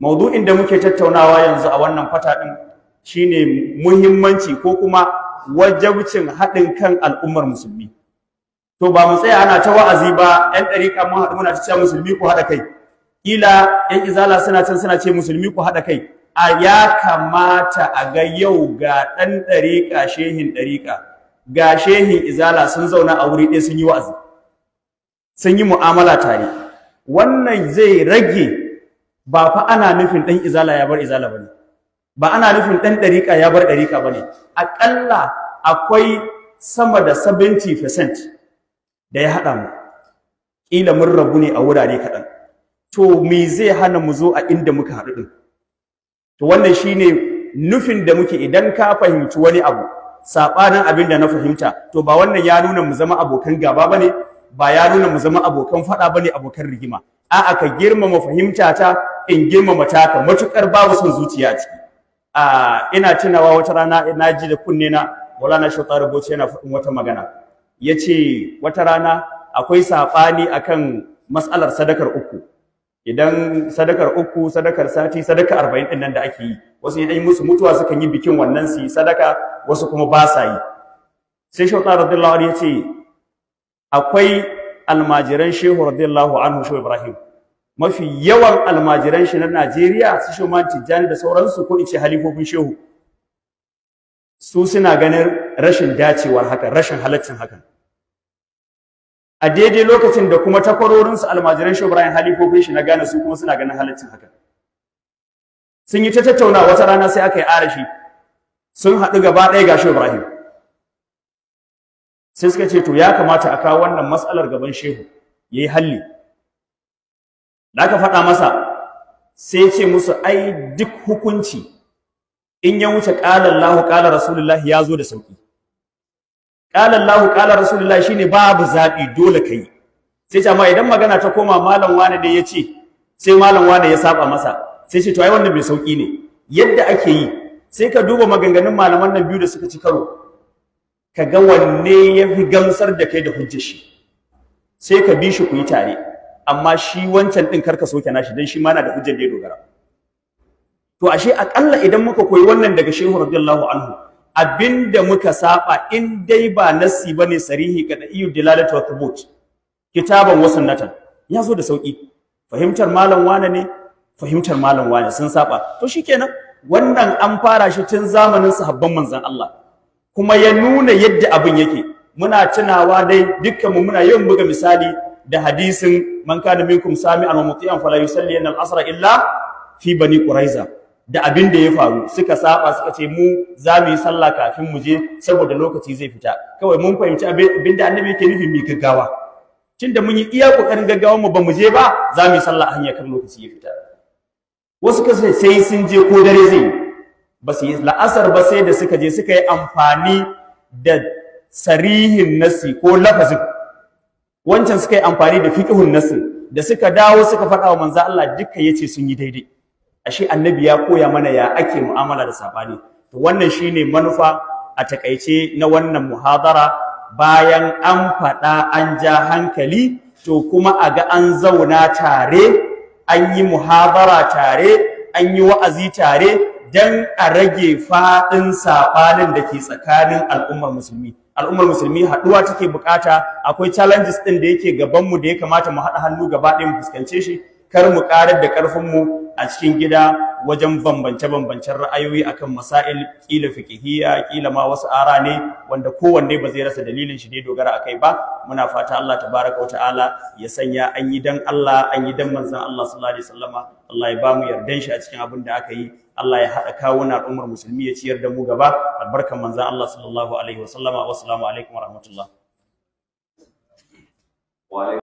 maudu'in da muke tattaunawa yanzu a wannan kwata din shine muhimmanci ko kuma wajabcin haɗin kan al'ummar musulmi to ba mu tsaya ana ta wa'azi ba 'yan ɗariƙa mun haɗu muna cewa musulmi ku haɗa kai ƙila 'yan izala suna can suna ce musulmi ku haɗa kai a ya kamata a ga yau ga ɗan ɗariƙa shehin ɗariƙa ga shehin izala sun zauna a wuri ɗaya sun yi wa'azi sun yi mu'amala tare wannan zai rage ba fa ana nufin dan izala ya bar izala bane ba ana nufin dan dariqa ya bar dariqa bane akalla akwai sama da 70% da ya haɗa mu ƙila mun rabu ne a wurare kaɗan to me zai hana mu zo a inda muka haɗu ɗin to wannan shine nufin da muke idan ka fahimci wani abu saɓanin abin da na fahimta to ba wannan ya nuna mu zama abokan gaba bane ba ya nuna mu zama abokan faɗa bane abokan rigima a'a ka girmama fahimta ta in girmama taka matukar babu son zuciya a ciki a ina tunawa wata rana na ji da kunne na Maulana Shauta Rubuce yana faɗin wata magana yace wata rana akwai safani akan mas'alar sadakar uku idan sadakar uku sadakar sati sadaka arba'in ɗin nan da ake yi wasu in yi musu mutuwa sukan yi bikin wannan su sadaka wasu kuma ba sa yi sai Shauta radiyallahu anhu yace akwai almajiran Shehu radiyallahu anhu Shehu Ibrahim mafi yawan almajiran shi na Najeriya su Shoman Tijjani da sauransu ko in ce halifofin shehu su suna ganin rashin dacewar haka rashin halaccin hakan a daidai lokacin da kuma takwarorinsu almajiran shehu Ibrahim halifofin shi na gane su kuma suna ganin halaccin hakan sun yi ta tattauna wata rana sai aka yi arashi sun haɗu gaba ɗaya ga shehu Ibrahim sai suka ce to ya kamata a kawo wannan matsalar gaban shehu yayi halli da aka faɗa masa sai ce musu ai duk hukunci in ya wuce qala Allah qala Rasulullah ya zo da sauki qala Allah qala Rasulullah shine babu zabi dole kai sai ce amma idan magana ta koma malam wani da ya ce sai malam wani ya saba masa sai ce to ai wannan mai sauki ne yadda ake yi sai ka duba maganganun malaman nan biyu da suka ci karo ka ga wanne ya fi gamsar da kai da hujjar shi sai ka bi shi ku yi tare amma shi wancan din karka soke nashi dan shi ma na da hujjar da ya dogara to ashe akalla idan muka koyi wannan daga shehu radiyallahu anhu abinda muka saba in dai ba nasi bane sarihi ga iyu dilalatu wa thubut kitaban wa sunnatan ya zo da sauki fahimtar malam wane ne fahimtar malam wane sun saba to shikenan wannan an fara shi tun zamanin sahabban manzon Allah kuma ya nuna yadda abin yake muna tunawa dai dukkanmu muna yawan buga misali da hadisin man kana minkum sami wa mutiyan fala yusalli al asra illa fi bani quraiza da abin da ya faru suka saba suka ce mu za mu yi sallah kafin mu je saboda lokaci zai fita kawai mun fahimci abin da annabi yake nufi mu gaggawa tunda mun yi iya kokarin gaggawa mu ba mu je ba za mu yi sallah hanya kan lokaci ya fita wasu kasa sai sun je ko dare zai ba su yi la'asar ba sai da suka je suka yi amfani da sarihin nasi ko lafazin wancan suka yi amfani da fiqhun nasu da suka dawo suka faɗa wa manzo Allah duka ce sun yi daidai ashe annabi ya koya mana ya ake mu'amala da sabani to wannan shine manufa a takaice na wannan muhadara bayan an faɗa an ja hankali to kuma a ga an zauna tare an yi muhadara tare an yi wa'azi tare don a rage faɗin saɓanin da ke tsakanin al'ummar musulmi al'ummar musulmi haɗuwa take bukata akwai challenges ɗin da yake gabanmu da ya kamata mu haɗa hannu gaba ɗaya mu fuskance shi kar mu ƙarar da karfin mu a cikin gida wajen bambance-bambancen ra'ayoyi akan masail ƙila fiqhiyya kila ma wasu ara ne wanda kowanne ba zai rasa dalilin shi ne dogara a kai ba muna fata Allah tabaraka wata'ala ya sanya an yi dan Allah an yi dan manzon Allah sallallahu alaihi wasallama Allah ya ba mu yardan shi a cikin abin da aka yi Allah ya haɗa kawuna al'ummar musulmi ya ciyar da mu gaba albarkan manzon Allah sallallahu alaihi wasallama wassalamu alaikum